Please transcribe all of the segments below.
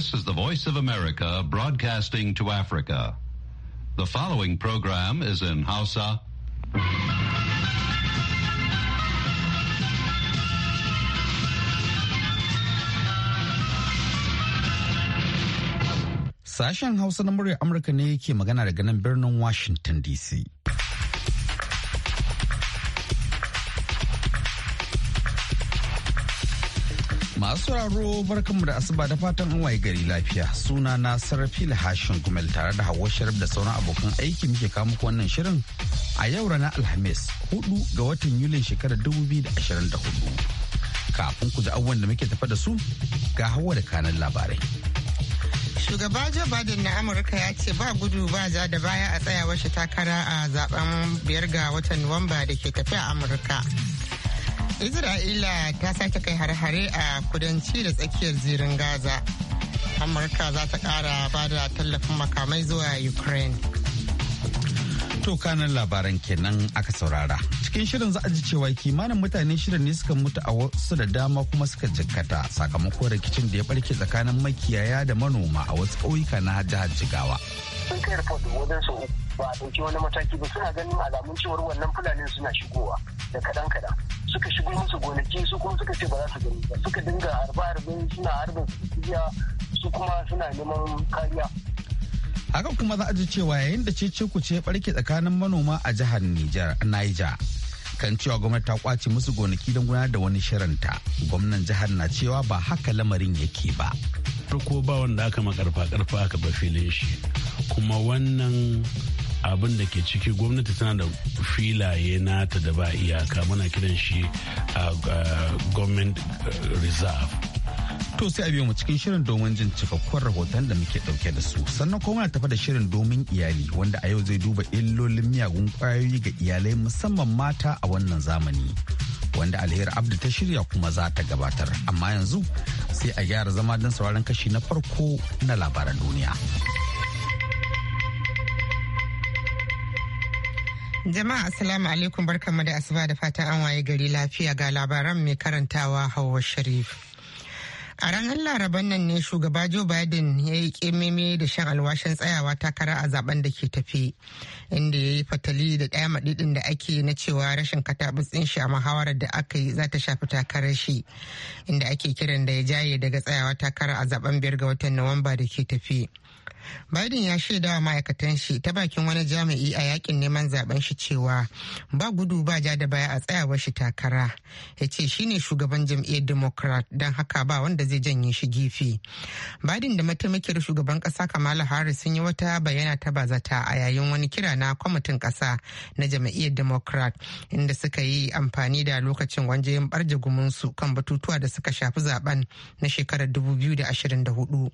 This is the Voice of America broadcasting to Africa. The following program is in Hausa. Sashen Hausa na muryar Amurka ne yake magana daga nan birnin Washington DC. Masu sauraro barkanmu da asuba da fatan an waye gari lafiya suna na sarrafi hashin gumel tare da hawa sharif da sauran abokan aiki muke kawo muku wannan shirin a yau ranar alhamis 4 ga watan yulin shekarar 2024. kafin ku ji abubuwan da muke tafa da su ga hawa da kanan labarai. Shugaba Joe Biden na Amurka ya ce ba gudu ba za da baya a tsayawar shi takara a zaben biyar ga watan Nuwamba da ke tafiya a Amurka. Isra'ila ta sake kai har-hare a kudanci da tsakiyar zirin Gaza. Amurka za ta kara ba da tallafin makamai zuwa Ukraine. To kanan labaran kenan aka saurara. Cikin shirin za a ji cewa kimanin mutane shirin ne suka mutu a wasu da dama kuma suka jikkata sakamakon rikicin da ya barke tsakanin makiyaya da manoma a wasu ƙauyuka na jihar Jigawa. sun kai report wajen su ba a ɗauki wani mataki ba suna ganin alamun cewar wannan fulanin suna shigowa da kadan kadan suka shigo musu gonaki su kuma suka ce ba za su gani ba suka dinga harba harbe suna harba su kuma suna neman kariya hakan kuma za a ji cewa yayin da cece ku ce barke tsakanin manoma a jihar Nijar Niger kan cewa gwamnati ta kwace musu gonaki don gudanar da wani shirinta gwamnan jihar na cewa ba haka lamarin yake ba farko ba wanda aka makarfa karfa aka ba filin shi kuma wannan abin da ke ciki gwamnati tana da filaye nata da ba iyaka muna kiran shi a uh, uh, government uh, reserve to sai a biyo mu cikin shirin domin jin cikakkun rahoton da muke dauke da su sannan kuma tafa da shirin domin iyali wanda a yau zai duba illolin miyagun kwayoyi ga iyalai musamman mata a wannan zamani wanda alheri abdu ta shirya kuma za ta gabatar amma yanzu sai a gyara zama don sauraron kashi na farko na labaran duniya. Jama'a Assalamu alaikum barkanmu da asuba da fatan an waye gari lafiya ga labaran mai karantawa Hauwa Sharif. A ranar Laraban nan ne shugaba Joe Biden ya yi kememe da shan alwashin tsayawa takara a zaben da ke tafi, inda ya yi fatali da ɗaya maɗiɗin da ake na cewa rashin katabus ɗin shi a muhawarar da aka yi za ta shafi takarar shi, inda ake kiran da ya jaye daga tsayawa takara a zaben biyar ga watan Nuwamba da ke tafi. Biden ya shaidawa ma'aikatan shi ta bakin wani jami'i a yakin neman zaben shi cewa ba gudu ba ja da baya a tsayawar shi takara. Ya ce shi ne shugaban jam'iyyar Democrat don haka ba wanda zai janye shi gifi biden da mataimakiyar shugaban kasa kamala harris sun yi wata bayyana ta bazata a yayin wani kira na kwamitin kasa na jam'iyyar democrat inda suka yi amfani da lokacin wanjayin barje gumunsu kan batutuwa da suka shafi zaben na shekarar 2024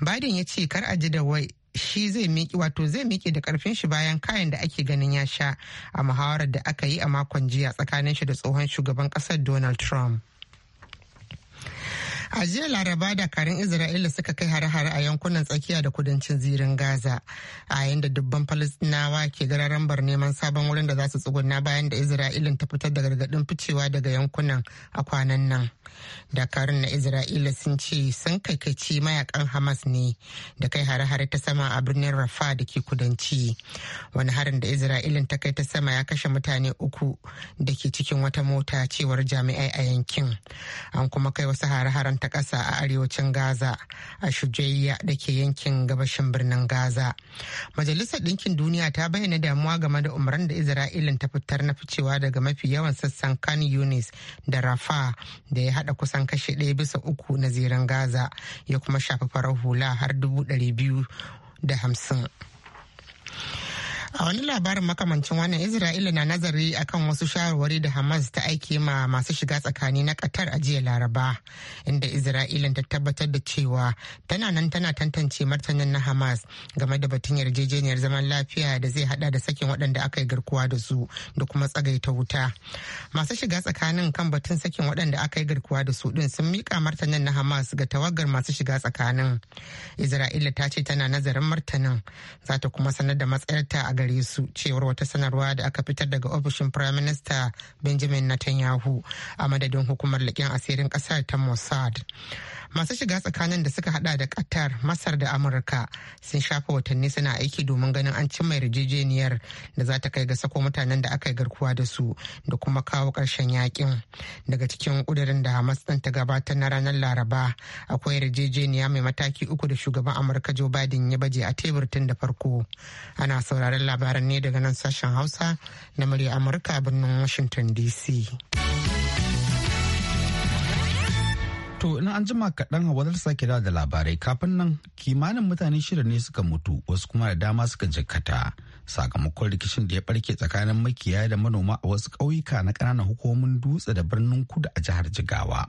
biden ya ce kar a ji da wai shi zai miƙe wato zai miƙe da ƙarfin shi bayan kayan da ake ganin ya sha a muhawarar da aka yi a makon jiya tsakanin shi da tsohon shugaban ƙasar donald trump A jiya Laraba dakarun Isra'ila suka kai hare-hare a yankunan tsakiya da kudancin zirin Gaza, a yayin da dubban Falistinawa ke gararambar neman sabon wurin da za su tsuguna bayan da Isra'ilin ta fitar da gargadin ficewa daga yankunan a kwanan nan. Dakarun na Isra'ila sun ce sun kaikaci mayakan Hamas ne da kai hare-hare ta sama a birnin Rafa da ke kudanci. Wani harin da Isra'ilin ta kai ta sama ya kashe mutane uku da ke cikin wata mota cewar jami'ai a yankin. An kuma kai wasu hare-haren ta ƙasa a arewacin Gaza a Shujaiya da ke yankin gabashin birnin Gaza. Majalisar Ɗinkin Duniya ta bayyana damuwa game da umarnin da Isra'ilin ta fitar na ficewa daga mafi yawan sassan Khan Yunis da Rafa da ya haɗa kusan kashe ɗaya bisa uku na zirin Gaza ya kuma shafi farar hula har dubu ɗari biyu da hamsin. A wani labarin makamancin wannan Isra'ila na nazari akan wasu shawarwari da Hamas ta aike ma masu shiga tsakani na Qatar a jiya Laraba, inda Isra'ila ta tabbatar da cewa tana nan tana tantance martanin na Hamas game da batun yarjejeniyar zaman lafiya da zai hada da sakin waɗanda aka yi garkuwa da su da kuma tsagaita wuta. Masu shiga tsakanin kan batun sakin waɗanda aka yi garkuwa da su din sun mika martanin na Hamas ga tawagar masu shiga tsakanin. Isra'ila ta ce tana nazarin martanin za ta kuma sanar da matsayarta a gare su cewar wata sanarwa da aka fitar daga ofishin prime minister benjamin netanyahu a madadin hukumar leƙen asirin ƙasar ta mossad masu shiga tsakanin da suka hada da qatar masar da amurka sun shafa watanni suna aiki domin ganin an cimma yarjejeniyar da za ta kai ga sako mutanen da aka yi garkuwa da su da kuma kawo ƙarshen yakin daga cikin ƙudurin da hamas din ta gabatar na ranar laraba akwai yarjejeniya mai mataki uku da shugaban amurka joe biden ya baje a tebur tun da farko ana sauraron labaran ne daga nan sashen Hausa na murya Amurka a birnin Washington DC. To in an jima kaɗan wadar sake da labarai kafin nan kimanin mutane shida ne suka mutu wasu kuma da dama suka jikkata sakamakon rikicin da ya barke tsakanin makiya da manoma a wasu ƙauyuka na ƙananan hukumomin dutse da birnin kudu a jihar Jigawa.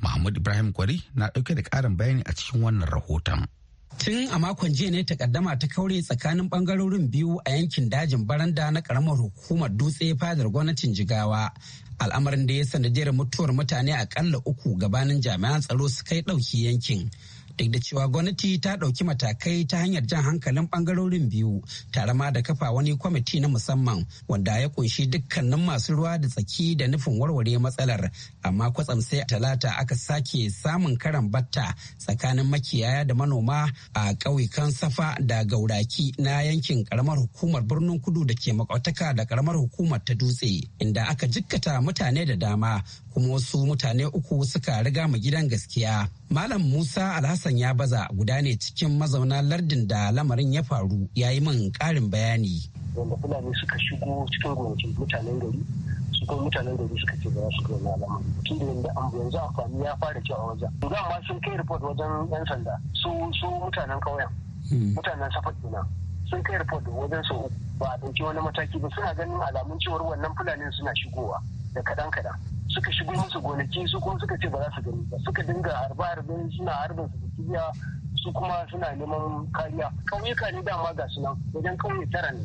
Mahmud Ibrahim Kwari na ɗauke da ƙarin bayani a cikin wannan rahoton. Tun a makon jiya ne takaddama ta kaure tsakanin bangarorin biyu a yankin dajin baranda na karamar hukumar dutse fadar gwamnatin jigawa. Al'amarin da ya sanadiyar mutuwar mutane akalla uku gabanin jami'an tsaro su kai ɗauki yankin. duk da cewa gwamnati ta ɗauki matakai ta hanyar jan hankalin ɓangarorin biyu tare ma da kafa wani kwamiti na musamman wanda ya kunshi dukkanin masu ruwa da tsaki da nufin warware matsalar amma kwatsam sai talata aka sake samun karan batta tsakanin makiyaya da manoma a ƙauyukan safa da gauraki na yankin karamar hukumar birnin kudu da ke makwataka da karamar hukumar ta dutse inda aka jikkata mutane da dama kuma wasu mutane uku suka riga mu gidan gaskiya. Malam Musa Alhassan ya baza guda ne cikin mazauna lardin da lamarin ya faru ya yi min ƙarin bayani. Wanda Fulani suka shigo cikin gonakin mutanen gari su kuma mutanen gari suka ce za su kai na alamu. Tun da yanzu an yanzu amfani ya fara cewa wajen. Zan ma sun kai report wajen 'yan sanda su su mutanen ƙauyen. Hmm. Mutanen safar kenan. sun kai report wajen su ba a ɗauki wani mataki ba suna ganin alamun cewar wannan fulani suna shigowa da kaɗan kaɗan suka shigo musu gonaki su kuma suka ce ba za su gani ba suka dinga harba harbin suna harbin su da su kuma suna neman kariya kauyuka ne dama ga su nan wajen kauye tara ne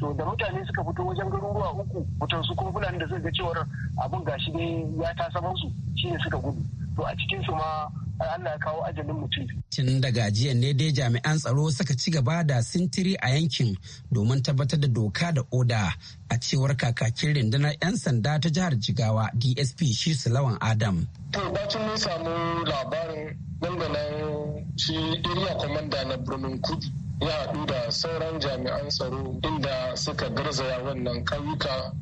to da mutane suka fito wajen garuruwa uku mutum su kuma fulani da zai ga cewar abin gashi ne ya tasa su shi ne suka gudu to a cikin su ma Allah ya kawo ajalin mutum. Tun daga jiya ne dai jami'an tsaro suka ci gaba da sintiri a yankin domin tabbatar da doka da oda a cewar kakakin rindunar 'yan sanda ta jihar Jigawa DSP shi Lawan Adam. To bacin mun samu labarin dandanan shi area commander na birnin kudu ya haɗu da sauran jami'an tsaro inda suka garzaya wannan ƙauyuka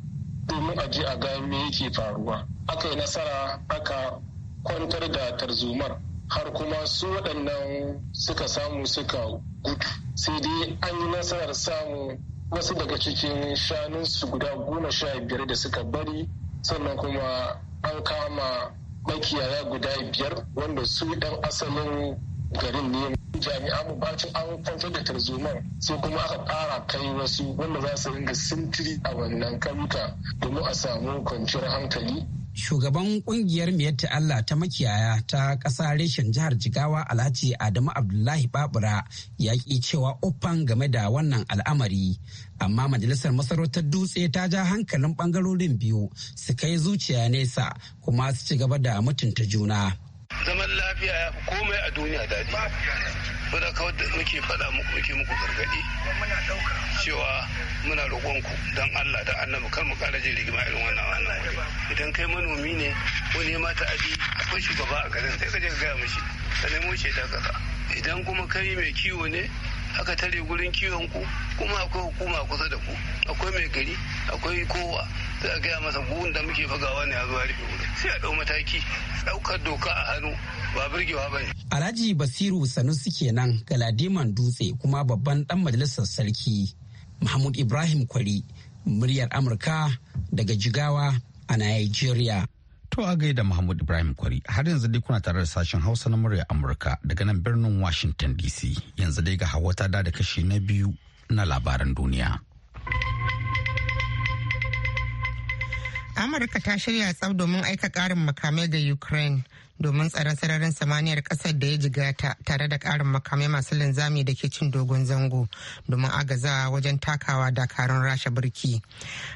domin aji a ga me yake faruwa. Aka yi nasara aka kwantar da tarzumar har kuma su waɗannan suka samu suka gudu sai dai an yi nasarar samu wasu daga cikin shanunsu guda goma sha biyar da suka bari sannan kuma an kama makiyaya guda biyar wanda su ɗan asalin garin ne jami'an bacin an kwantar da tarzumar sai kuma aka kara kai wasu wanda za su ringa sintiri a wannan kanta domin a samu kwanciyar hankali shugaban kungiyar miyatta Allah ta makiyaya ta ƙasa reshen jihar Jigawa Alhaji Adamu Abdullahi Babura ya ƙi cewa ofan game da wannan al'amari. Amma majalisar masarautar dutse ta ja hankalin ɓangarorin biyu su kai zuciya nesa kuma su ci gaba da mutunta juna. Zaman lafiya komai a duniya daɗi. ko da kawai da muke faɗa muku muke muku gargaɗi cewa muna roƙonku ku don Allah da annabi kar mu ƙara jin rigima irin wannan wannan idan kai manomi ne wani ya mata aji akwai shugaba a garin sai ka je ka gaya mishi ka nemo shi da idan kuma kai mai kiwo ne aka tare gurin kiwon ku kuma akwai hukuma kusa da ku akwai mai gari akwai kowa sai a gaya masa buhun da muke bugawa ne a zuwa rufe wurin sai a ɗau mataki ɗaukar doka a hannu ba burgewa ba ne. Alhaji Basiru Sanusi kenan Galadiman Dutse kuma babban dan majalisar sarki Mahmud Ibrahim Kwari muryar Amurka daga Jigawa a Nigeria. To a gaida Mahmud Ibrahim Kwari har yanzu dai kuna tare da sashen Hausa na murya Amurka daga nan birnin Washington DC yanzu dai ga hawa ta da kashi na biyu na labaran duniya. Amurka ta shirya tsab domin aika karin makamai ga Ukraine domin tsaron sararin samaniyar kasar da ya jigata tare da karin makamai masu linzami da ke cin dogon zango domin agazawa wajen takawa dakarun rasha birki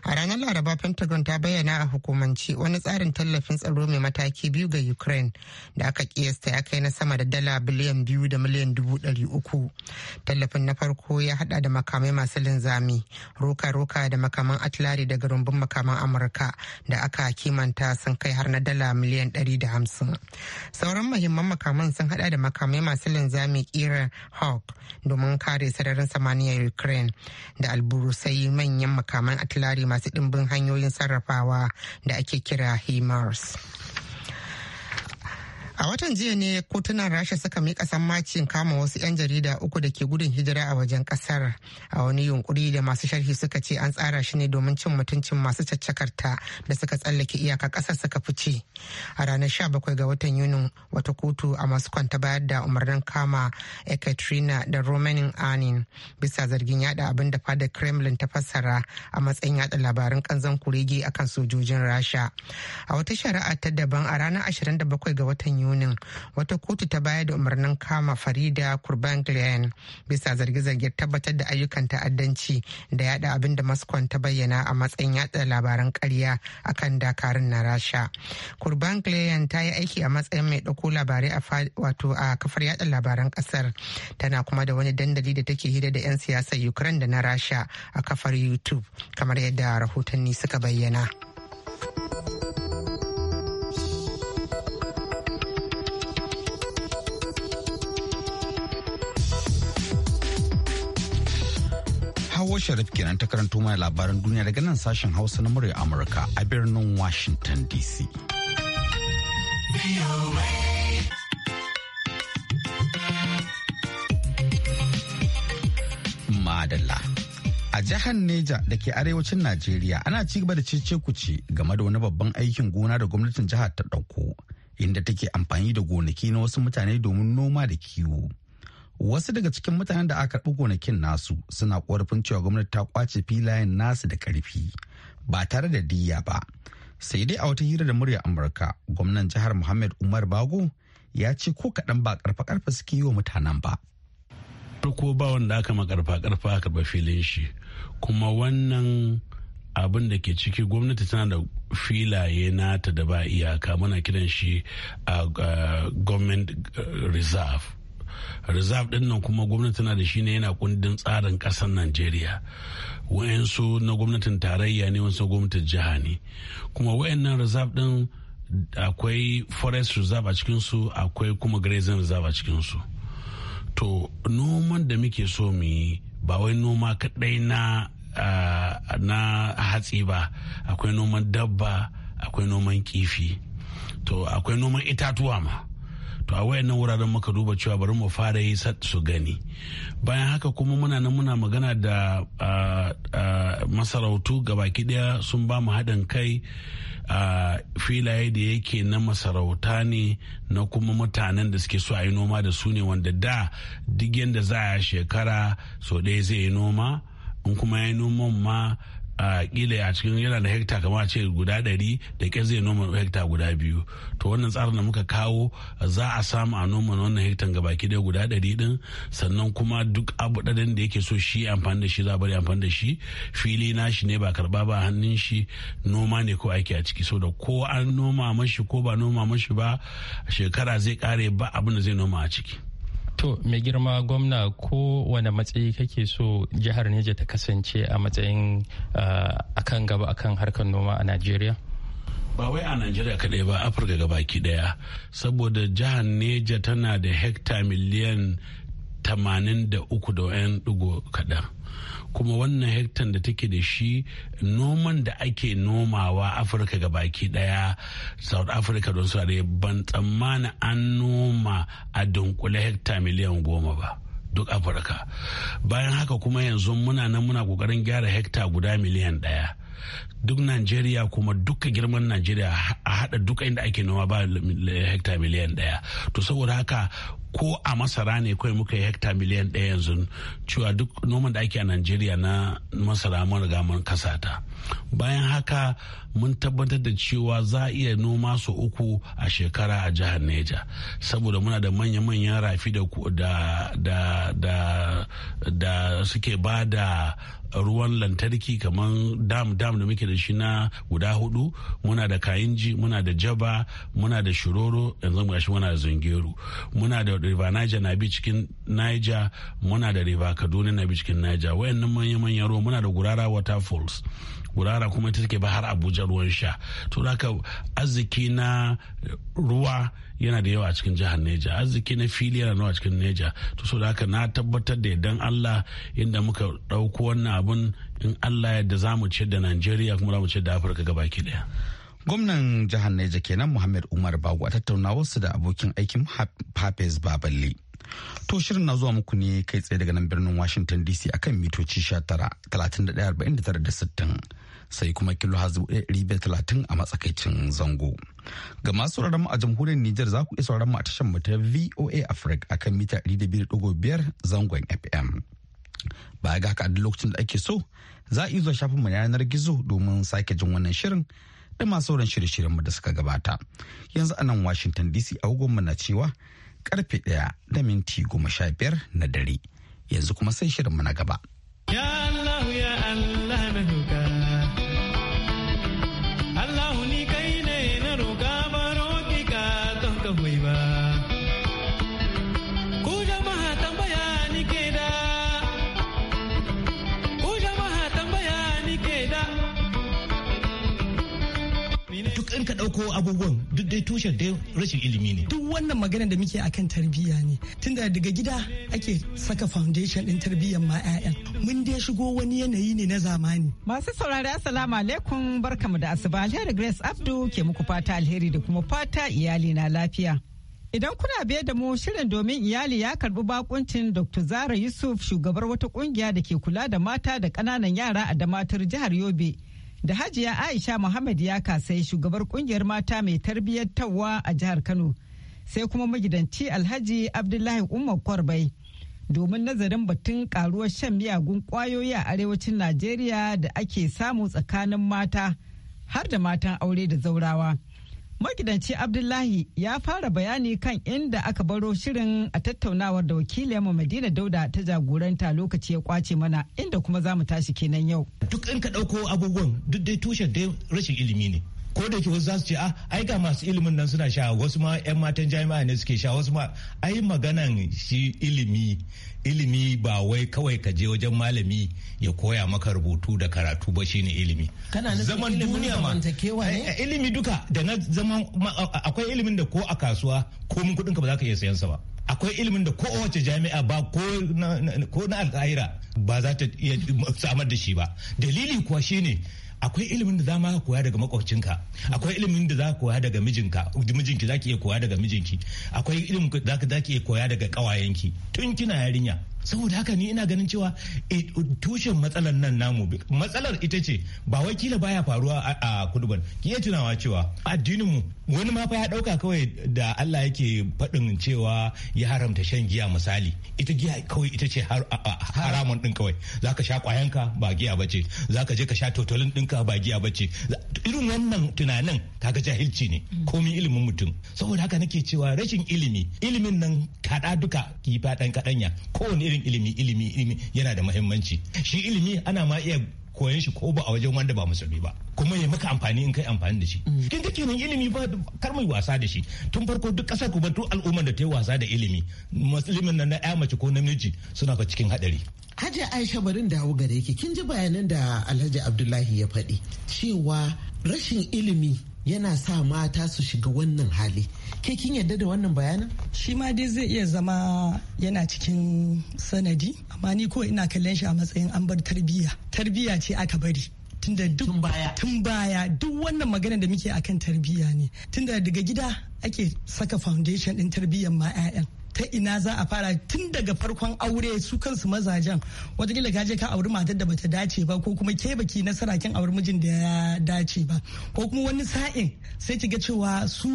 a ranar laraba pentagon ta bayyana a hukumance wani tsarin tallafin tsaro mai mataki biyu ga ukraine da aka kiyasta ya kai na sama da dala biliyan biyu da miliyan dubu ɗari uku tallafin na farko ya hada da makamai masu linzami roka-roka da makaman atlari daga rumbun makaman amurka da aka kimanta sun kai har na dala miliyan ɗari da hamsin Sauran mahimman makaman sun hada da makamai masu linzami kira Hawk domin kare sararin samaniyar Ukraine da alburusai manyan makaman atilari masu dimbin hanyoyin sarrafawa da ake kira HIMARS. A watan jiya ne kotunan Rasha suka miƙa sammacin kama wasu 'yan jarida uku da ke gudun hijira a wajen ƙasar a wani yunkuri da masu sharhi suka ce an tsara shi ne domin cin mutuncin masu caccakarta da suka tsallake iyaka kasar suka fice. A ranar 17 ga watan Yuni, wata kotu a masu kwanta bayar da umarnin kama Ekaterina da Romanin Anin bisa zargin yada abin da fada Kremlin ta fassara a matsayin yada labarin kanzan kurege akan sojojin Rasha. A wata shari'a ta daban a ranar 27 ga watan Yuni. yunin wata kotu ta bayar da umarnin kama farida kurban glen bisa zarge-zarge tabbatar da ayyukan ta'addanci da yada abin da moscow ta bayyana a matsayin yada labaran karya akan dakarun na rasha kurban glen ta yi aiki a matsayin mai ɗauko labarai a kafar yada labaran ƙasar tana kuma da wani dandali da take hira da 'yan siyasar ukraine da na rasha a kafar youtube kamar yadda rahotanni suka bayyana. Sharif kenan ta karanto mana labaran duniya daga nan sashen Hausa na murya Amurka a birnin Washington DC. Madalla. A jihar Neja da ke arewacin Najeriya ana ci gaba da cece kuce game da wani babban aikin gona da gwamnatin jihar ta ɗauko, inda take amfani da gonaki na wasu mutane domin noma da kiwo. wasu daga cikin mutanen da aka karɓi gonakin nasu suna ƙorafin cewa gwamnati ta kwace filayen nasu da ƙarfi ba tare da diya ba sai dai a wata hira da murya amurka gwamnan jihar muhammad umar bago ya ce ko kaɗan ba karfa ƙarfa suke yi wa mutanen ba farko ba wanda aka makarfa karfa aka ba filin shi kuma wannan abin da ke ciki gwamnati tana da filaye nata da ba iyaka muna kiran shi a uh, uh, government uh, reserve reserve din nan kuma gwamnati na da shi ne yana kundin tsarin kasar najeriya wayansu na gwamnatin tarayya ne wasu gwamnatin jiha ne kuma wayannan reserve din akwai forest reserve a cikinsu akwai kuma grazing reserve a cikinsu to noman da muke so mu yi ba wai noma kadai na na hatsi ba akwai noman dabba akwai noman kifi to akwai noman itatuwa ma to a wayannan wuraren muka duba cewa bari mu fara yi su gani bayan haka kuma muna nan muna magana da masarautu gabaki daya sun ba mu haɗin kai a filaye da yake na masarauta ne na kuma mutanen da suke so a yi noma da su ne wanda da duk yadda za a shekara so ɗaya zai yi noma in kuma ya yi noman ma a kila a cikin yana da hekta kamar ce guda ɗari da ƙyar zai noma hekta guda biyu to wannan tsarin da muka kawo za a samu a noma wannan hektan gabaki ɗaya guda ɗari ɗin sannan kuma duk abu ɗaɗin da yake so shi amfani da shi za a bari amfani da shi fili nashi ne ba karba ba hannun shi noma ne ko aiki a ciki so da ko an noma mashi ko ba noma mashi ba shekara zai kare ba abin da zai noma a ciki. To, mai girma gwamna ko wane matsayi kake so jihar Neja ta kasance a matsayin uh, akan gaba akan harkar noma a Najeriya? Ba wai a Najeriya kaɗai ba, Afirka gaba ki ɗaya. Saboda jihar Neja tana da hekta miliyan 83 da 'yan ɗigo kaɗan. kuma wannan hektan da take da shi noman da ake nomawa afirka ga baki daya south africa don su ban tsammanin an noma a dunkule hekta miliyan goma ba duk afirka bayan haka kuma yanzu muna nan muna kokarin gyara hekta guda miliyan daya duk najeriya kuma duka girman najeriya a hada duka inda ake noma ba hekta miliyan daya to saboda haka ko a masara ne kawai muka yi hekta miliyan ɗaya yanzu cewa duk noman da ake a najeriya na masara mun riga mun bayan haka mun tabbatar da cewa za a iya noma su uku a shekara a jihar neja saboda muna da manya-manyan rafi da suke ba da ruwan lantarki kamar dam dam da muke da shi na guda hudu muna da kayinji muna da jaba muna da shiroro yanzu mu gashi muna da zungeru muna da river niger na bi cikin niger muna da river kaduna na bi cikin niger wayannan manya-manyan ruwa muna da gurara waterfalls gurara kuma ita take ba har abuja ruwan sha to haka arziki na ruwa yana da yawa a cikin jihar neja arziki na fili yana nawa a cikin neja to so haka na tabbatar da idan allah inda muka ɗauko wannan abun in allah yadda za mu ce da najeriya kuma za mu ce da afirka gabaki daya gwamnan jihar neja kenan muhammad umar bago a tattaunawarsu da abokin aikin papes baballe To shirin na zuwa muku ne kai tsaye daga nan birnin Washington DC akan mitoci 19,31,49,60 sai kuma kilo hazu 130 a matsakaicin zango. Ga masu sauraron mu a jamhuriyar Nijar za ku iya sauraron mu a tashar ta VOA Africa akan mita 200.5 zangon FM. Baya ga haka a duk lokacin da ake so za a yi zuwa shafin mu yanar gizo domin sake jin wannan shirin da masu sauran shirye-shiryen mu da suka gabata. Yanzu a nan Washington DC a na cewa karfe ɗaya da minti goma sha biyar na dare yanzu kuma sai shirinmu na gaba. Ya Allah ya Allah. ko abubuwan duk dai tushen dai rashin ilimi ne duk wannan magana da muke akan tarbiyya ne tunda daga gida ake saka foundation din tarbiyyar ma 'ya'yan mun dai shigo wani yanayi ne na zamani masu saurari assalamu alaikum barkamu da asuba alheri grace abdu ke muku fata alheri da kuma fata iyali na lafiya Idan kuna biye da mu shirin domin iyali ya karbi bakuncin Dr. Zara Yusuf shugabar wata kungiya da ke kula da mata da kananan yara a damatar jihar Yobe da hajiya aisha muhammad ya kasai shugabar kungiyar mata mai tarbiyyar tawa a jihar kano sai kuma magidanci alhaji abdullahi umar kwarbai domin nazarin batun karuwar shan miyagun kwayoyi a arewacin najeriya da ake samu tsakanin mata har da matan aure da zaurawa magidanci abdullahi ya fara bayani kan inda aka baro shirin a tattaunawar da wakiliyarmu madina dauda ta jagoranta lokaci ya kwace mana inda kuma za mu tashi kenan yau duk in ka ɗauko abubuwan duk dai tushen dai rashin ilimi ne ko da yake wasu za su ce a ah, ai ga masu ilimin nan suna sha wasu ma yan matan jami'a ne suke sha wasu ma ai maganan shi ilimi ilimi ba wai kawai ka je wajen malami ya koya maka rubutu da karatu ba shine ilimi zaman duniya ma eh, eh, ilimi duka da na zaman akwai ilimin da ko a kasuwa ko mun kudin ka ba za ka iya sayan sa ba akwai ilimin da ko wace jami'a ba ko na alkahira ba za ta iya samar da shi ba dalili kuwa shine akwai ilimin da za mu ka koya daga makwabcinka akwai ilimin da za ka koya daga mijinka mijinki za ki iya koya daga mijinki akwai ilimin da za ki iya koya daga kawayenki tun kina yarinya saboda haka ni ina ganin cewa eh, tushen matsalar nan namu matsalar ita ce ba wai kila baya faruwa a kudu ki tunawa cewa addininmu wani ma fa ya dauka kawai da Allah yake faɗin cewa ya haramta shan giya misali ita giya kawai ita ce haramun din kawai zaka sha kwayanka ba giya bace zaka je ka sha totolin dinka ba giya bace irin wannan tunanin kaga jahilci ne mm. komai ilimin mutum saboda haka nake cewa rashin ilimi ilimin nan kaɗa duka ki kaɗanya kaɗanya kowane irin ilimi ilimi ilimi yana da mahimmanci shi ilimi ana ma iya koyan shi ko ba a wajen wanda ba musulmi ba kuma ya maka amfani in kai amfani da shi mm. kin take nan ilimi ba kar mai wasa da shi tun farko duk kasar ku duk al'ummar da ta yi wasa da ilimi musulmin nan na ya mace ko namiji suna fa cikin hadari Hajji Aisha barin dawo gare ki kin ji bayanan da Alhaji Abdullahi ya faɗi cewa rashin ilimi yana sa mata su shiga wannan hali ke kin yarda da wannan bayanin shi ma dai zai iya zama yana cikin sanadi amma ni ko ina kallon shi a matsayin an bar tarbiyya tarbiyya ce aka bari tunda duk tun baya duk wannan magana da muke akan tarbiyya ne tunda daga gida ake saka foundation din tarbiyyar ma 'ya'yan ta ina za a fara tun daga farkon aure su kansu mazajen wataƙila ka je ka auri matar da bata dace ba ko kuma ke baki nasara kin auri mijin da ya dace ba ko kuma wani sa'in sai ki ga cewa su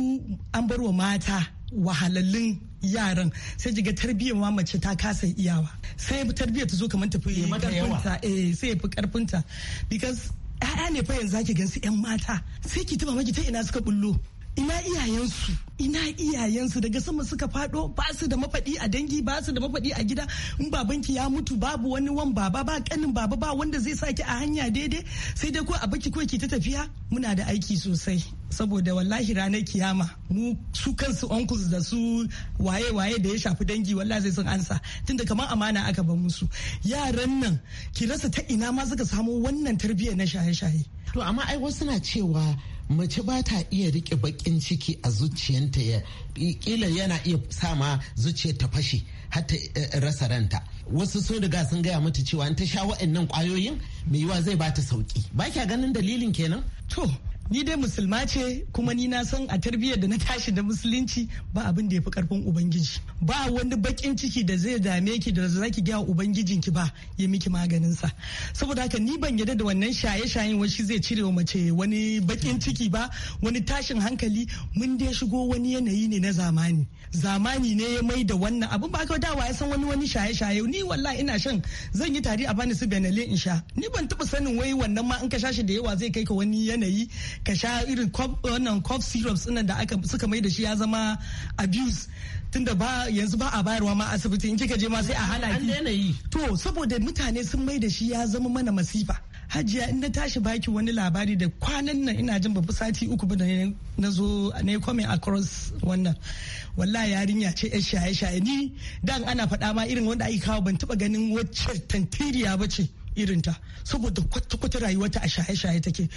an bar mata wahalallun yaran sai ga tarbiyyar ma mace ta kasa iyawa sai tarbiyyar ta zo kamar tafi eh, karfinta eh sai fi karfinta because ya'ya ne fa yanzu zaki gan su yan mata sai ki tuba maki ta ina suka bullo ina iyayensu ina iyayensu daga sama suka fado ba su da mafaɗi a dangi ba su da mafaɗi a gida in babanki ya mutu babu wani wan baba ba kanin baba ba wanda zai saki a hanya daidai sai dai ko a baki ko ki ta tafiya muna da aiki sosai saboda wallahi ranar kiyama mu su kansu uncles da su waye waye da ya shafi dangi wallahi zai san ansa tunda kamar amana aka ba musu yaran nan ki rasa ta ina ma suka samo wannan tarbiyyar na shaye-shaye to amma ai wasu na cewa mace ba ta iya rike bakin ciki a zuciyanta ya kila yana iya sama zuciyar ta fashe har ta eh, eh, rasa ranta wasu sun riga sun gaya mata cewa ta sha wa'annan kwayoyin mai yiwa zai bata sauki ba ganin dalilin kenan to ni dai musulma ce kuma ni na san a tarbiyyar da na tashi da musulunci ba abin da ya fi karfin ubangiji ba wani bakin ciki da zai dame ki da za ki gaya ubangijin ki ba ya miki maganin sa saboda haka ni ban yarda da wannan shaye shayen wani zai cire wa mace wani bakin ciki ba wani tashin hankali mun dai shigo wani yanayi ne na zamani zamani ne ya mai da wannan abin ba ka dawa ya san wani wani shaye shaye ni wallahi ina shan zan yi tari a bani su benale in sha ni ban taba sanin wai wannan ma in ka shashi da yawa zai kai ka wani yanayi ka sha irin wannan cop syrups sunan da aka suka mai da shi ya zama abuse tunda ba yanzu ba a bayarwa ma asibiti in kika je ma sai a hana ki to saboda mutane sun mai da shi ya zama mana masifa hajiya in na tashi baki wani labari da kwanan nan ina jin babu sati uku ba da na zo na yi across wannan wallahi yarinya ce yar shaye-shaye ni dan ana faɗa ma irin wanda ake kawo ban taɓa ganin wacce tantiriya ba ce irinta saboda kwata-kwata rayuwarta a shaye-shaye take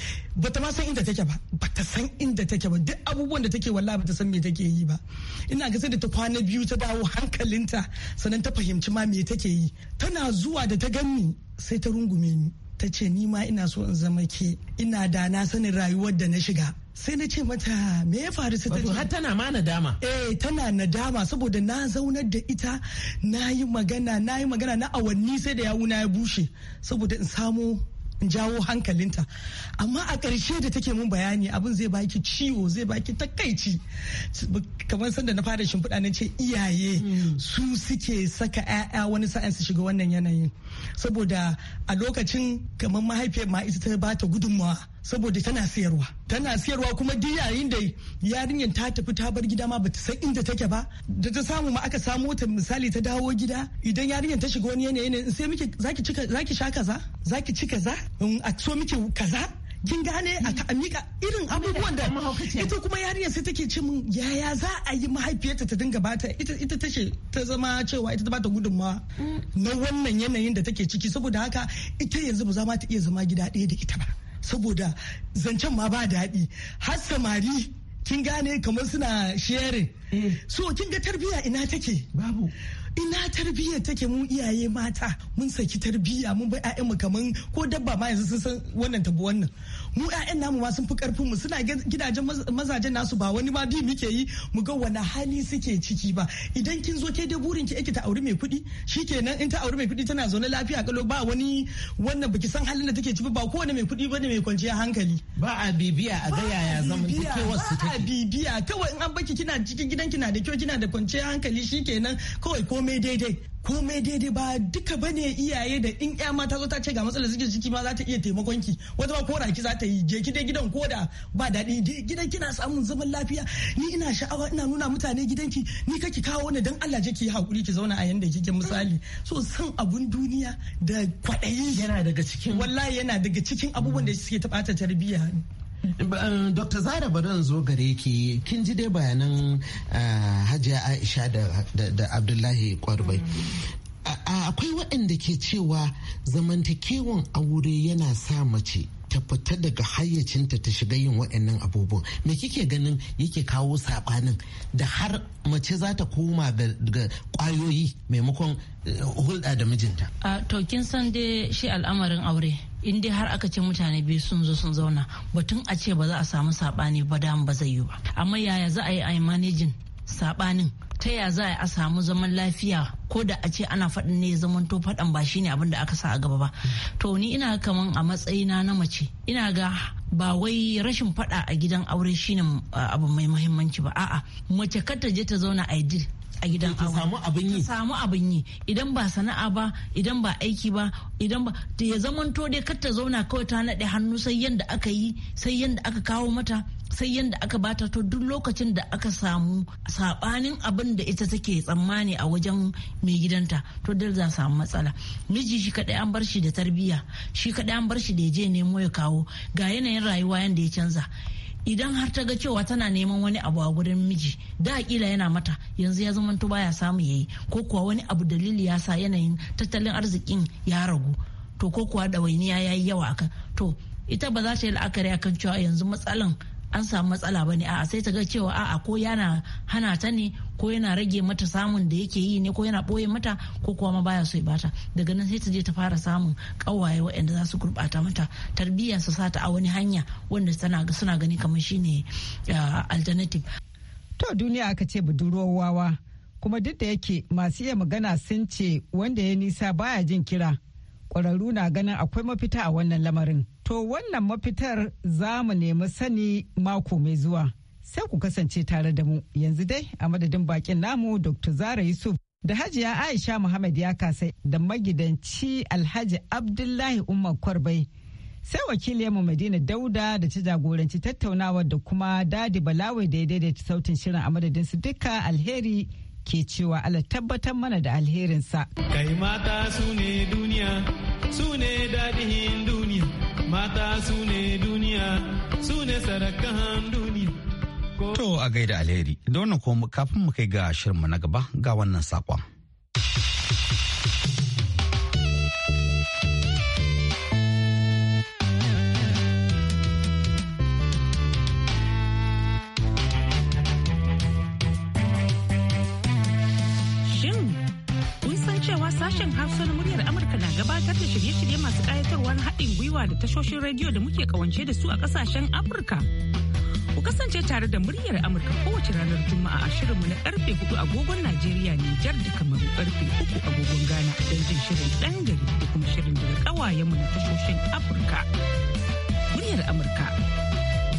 ta ma san inda take ba ba ta san inda take ba duk abubuwan da take wallahi ta san me take yi ba ina ga sai da ta kwana biyu ta dawo hankalinta sannan ta fahimci ma me take yi tana zuwa da ta ganni sai ta rungume ni ta ce ni ma ina so in zama ke ina da na sanin rayuwar da na shiga sai na ce mata me ya faru sai ta ce har tana ma nadama eh tana nadama saboda na zaunar da ita na yi magana na yi magana na awanni sai da yawu na ya bushe saboda in samu jawo hankalinta amma a ƙarshe da take mun bayani abin zai baki ciwo zai baki takaici kamar sanda na fara shimfiɗa na ce iyaye hmm. su suke saka 'ya'ya wani sa'an su shiga wannan yanayin saboda a lokacin kamar mahaifiyar ma ita ta bata gudunmawa saboda tana siyarwa tana siyarwa kuma duk yayin da yarinyar ta tafi ta bar gida ma bata san inda take ba da ta samu ma aka samo ta misali ta dawo gida idan yarinyar ta shiga wani yanayi ne sai miki zaki cika zaki sha kaza zaki ci kaza a so miki kaza kin gane a amika irin abubuwan da ita kuma yarinyar sai take ce min yaya za a yi mahaifiyarta ta dinga bata ita ita tace ta zama cewa ita ta bata gudunmawa na wannan yanayin da take ciki saboda haka ita yanzu ba za ma ta iya zama gida ɗaya da ita ba saboda zancen ma ba daɗi har samari kin gane kamar suna sharing eh. so kin ga tarbiyya ina take babu ina tarbiyyar take mun iyaye mata mun saki tarbiyya mun bai mu kaman ko dabba ma yanzu sun san wannan tabu wannan mu yayan namu ma sun fi karfin mu suna gidajen mazajen nasu ba wani ma bi muke yi mu ga wani hali suke ciki ba idan kin zo ke da burin ki ake ta auri mai kuɗi shikenan in ta auri mai kuɗi tana zaune lafiya kalo ba wani wannan biki san halin da take ciki ba kowane mai kuɗi bane mai kwanciya hankali ba a bibiya a ga yaya zaman take ba a bibiya kawai in an baki kina cikin gidan kina da kyau kina da kwanciyar hankali shikenan kawai komai daidai komai daidai ba duka bane iyaye da in ƴa mata zo ta ce ga matsalar suke ciki ma za ta iya taimakon ki wata ba kora ki za ta yi je ki dai gidan koda ba daɗi gidan kina samun zaman lafiya ni ina sha'awa ina nuna mutane gidan ki ni ka ki kawo ni dan Allah je ki yi hakuri ki zauna a yanda kike misali so san abun duniya da kwaɗayi yana daga cikin wallahi yana daga cikin abubuwan da suke taɓata tarbiyya Dr. Zara zan zo gare ki kin ji dai bayanan eh, Hajiya Aisha da Abdullahi Kwarbai. Akwai waɗanda ke cewa zamantakewan aure yana sa mace tafita daga hayyacinta ta shiga yin waɗannan abubuwan me kike ganin yake kawo saɓanin da har mace za ta koma ga ƙwayoyi maimakon eh, hulɗa da mijinta a to kin san dai shi al'amarin aure in dai har aka ce mutane biyu sun zo sun zauna batun a ce ba za a samu saɓani ba dama ba zai yi ba amma yaya za a yi a manejin saɓanin. ta ya za a samu zaman lafiya ko da a ce ana faɗin ne zaman to faɗan ba shine abin da aka sa a gaba ba to ni ina kaman a matsayina na mace ina ga ba wai rashin faɗa a gidan aure shine uh, abu mai muhimmanci ba a'a mace kar ta je ta zauna a a gidan aure samu abin yi samu abin yi idan ba sana'a ba idan ba aiki ba idan ba ya zamanto dai kar ta zauna kawai ta naɗe hannu sai yanda aka yi sai yadda aka kawo mata sai yadda aka bata to duk lokacin da aka samu sabanin abin da ita take tsammani a wajen mai gidanta to duk za samu matsala miji shi kadai an bar shi da tarbiyya shi kaɗai an bar shi da je nemo ya kawo ga yanayin rayuwa yadda ya canza idan har ta ga cewa tana neman wani abu a gurin miji da kila yana mata yanzu ya zama to baya samu yayi ko kuwa wani abu dalili ya sa yanayin tattalin arzikin ya ragu to ko kuwa dawainiya ya yi yawa akan to ita ba za ta yi la'akari akan cewa yanzu matsalan an samu matsala bane a'a sai ta ga cewa a'a ko yana hana ta ne ko yana rage mata samun da yake yi ne ko yana boye mata ko kuma ma baya so ya bata daga nan sai ta je ta fara samun kawaye waɗanda za su gurɓata mata tarbiyyar su sata a wani hanya wanda suna gani kamar shine ah, alternative to duniya aka ce budurwar wawa kuma duk da yake masu iya magana sun ce wanda ya nisa baya jin kira ƙwararru na ganin akwai mafita a wannan lamarin To wannan mafitar za mu nemi sani mako mai zuwa. Sai ku kasance tare da mu yanzu dai a madadin bakin namu Dr. Zara Yusuf da Hajiya Aisha Muhammad ya kasa da magidanci Alhaji Abdullahi Umar Kwarbai. Sai wakiliyarmu Madina Dauda da ta jagoranci tattaunawa da kuma Dadi Balawe da ya daidaita sautin shirin a madadin su duka alheri ke cewa Allah tabbatar mana da alherinsa. Kai mata su ne duniya, su ne dadihin su ne duniya su ne sarakan duniya. To a gaida alheri, da wannan kuma kafin mu kai ga shirinmu na gaba ga wannan saƙon. cewa sashen Hausa na muryar Amurka na gabatar da shirye-shirye masu ƙayatarwa na haɗin gwiwa da tashoshin rediyo da muke kawance da su a ƙasashen Afirka. Ku kasance tare da muryar Amurka kowace ranar Juma'a a shirinmu na karfe 4 agogon Najeriya Nijar da kamar karfe uku agogon Ghana don jin shirin ɗan gari da kuma shirin daga ƙawayenmu na tashoshin Afirka. Muryar Amurka.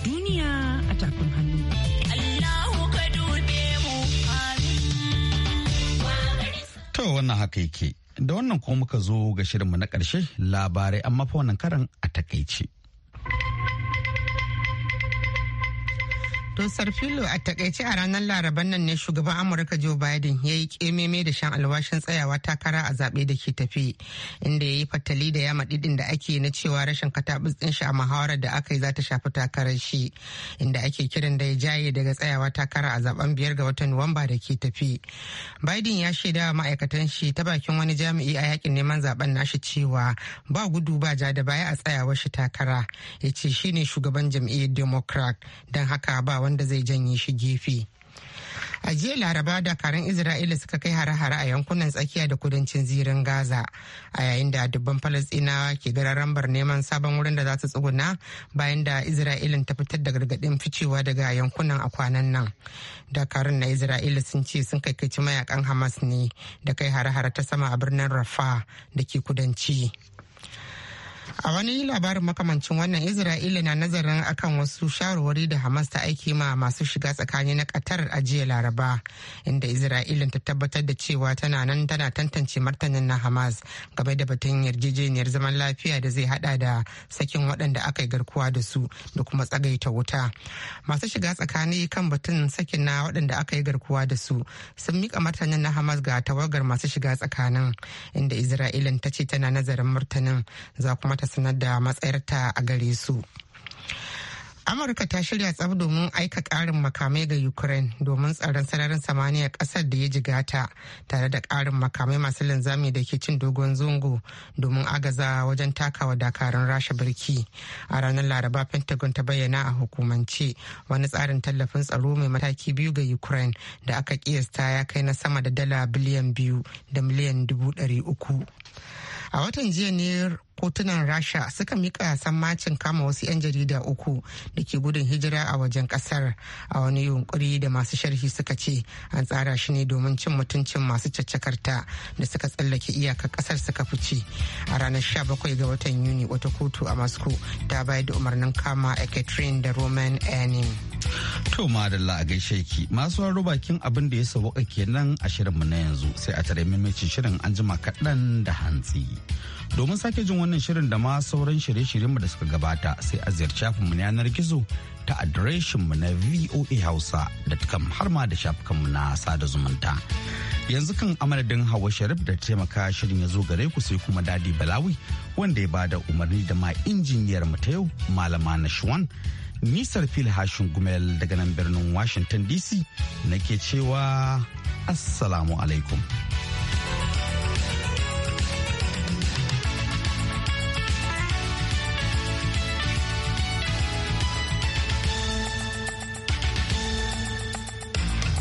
Duniya a tafin To wannan haka yake. Da wannan kuma muka zo ga shirinmu na ƙarshe labarai amma fa wannan karan a takaice. To filo a takaice a ranar laraban nan ne shugaban Amurka Joe Biden ya yi kememe da shan alwashin tsayawa takara a zaɓe da ke tafi inda ya yi fatali da yama didin da ake na cewa rashin katabus ɗin shi a muhawarar da aka yi za ta shafi takarar shi inda ake kiran da ya jaye daga tsayawa takara a zaben biyar ga watan Nuwamba da ke tafi. Biden ya shaida wa ma'aikatan shi ta bakin wani jami'i a yakin neman zaben nashi cewa ba gudu ba ja da baya a tsayawar shi takara ya ce shine shugaban jam'iyyar Democrat don haka ba wanda zai janye shi gefe a jiya laraba dakarun isra'ila suka kai hare-hare a yankunan tsakiya da kudancin zirin gaza a yayin da dubban falastinawa ke gararambar neman sabon wurin da za su tsuguna bayan da isra'ila ta fitar da gargaɗin ficewa daga yankunan a kwanan nan dakarun na isra'ila sun ce sun kaikaici mayakan hamas ne da kai hare-hare ta sama a birnin rafa da ke kudanci A wani labarin makamancin wannan Isra'ila na nazarin akan wasu shawarwari da Hamas ta aiki ma masu shiga tsakani na Qatar a jiya Laraba, inda Isra'ila ta tabbatar da cewa tana nan tana tantance martanin na Hamas game da batun yarjejeniyar zaman lafiya da zai hada da sakin waɗanda aka yi garkuwa da su da kuma tsagaita wuta. Masu shiga tsakani kan batun sakin na waɗanda aka yi garkuwa da su sun mika martanin na Hamas ga tawagar masu shiga tsakanin, inda Isra'ila ta ce tana nazarin martanin za kuma ta sanar da matsayarta a gare su. amurka ta shirya tsab domin aika karin makamai ga ukraine domin tsaron sararin samaniya kasar da ya jigata tare da karin makamai masu linzami da ke cin dogon zungu domin agaza wajen takawa dakarun rasha birki a ranar laraba pentagon ta bayyana a hukumance wani tsarin tallafin tsaro mai mataki biyu ga ukraine da aka kiyasta ya kai na sama da dala biliyan biyu da miliyan dubu ɗari uku a watan jiya ne kotunan rasha suka mika macin kama wasu 'yan jarida uku da ke gudun hijira a wajen kasar a wani yunkuri da masu sharhi suka ce an tsara shi ne domin cin mutuncin masu caccakarta da suka tsallake iyakar kasar suka fice a ranar 17 ga watan yuni wata kotu a moscow ta bayar da umarnin kama catherine da roman enin To madalla a gaishe ki masu waro bakin abin da ya sauwaka kenan a mu na yanzu sai a tare mimicin shirin an jima kaɗan da hantsi. Domin sake jin wannan shirin da ma sauran shirye-shiryenmu da suka gabata sai a ziyarci mu na yanar gizo ta adireshinmu na voa hausa da kam har ma da shafukanmu na sada zumunta. Yanzu kan amadadin Hawa Sharif da taimaka shirin ya zo gare ku sai kuma Dadi Balawi wanda ya bada umarni da ma injiniyar mu ta yau Malama na shuwan Nisar fil hashin gumel daga nan birnin Washington DC nake cewa Assalamu alaikum.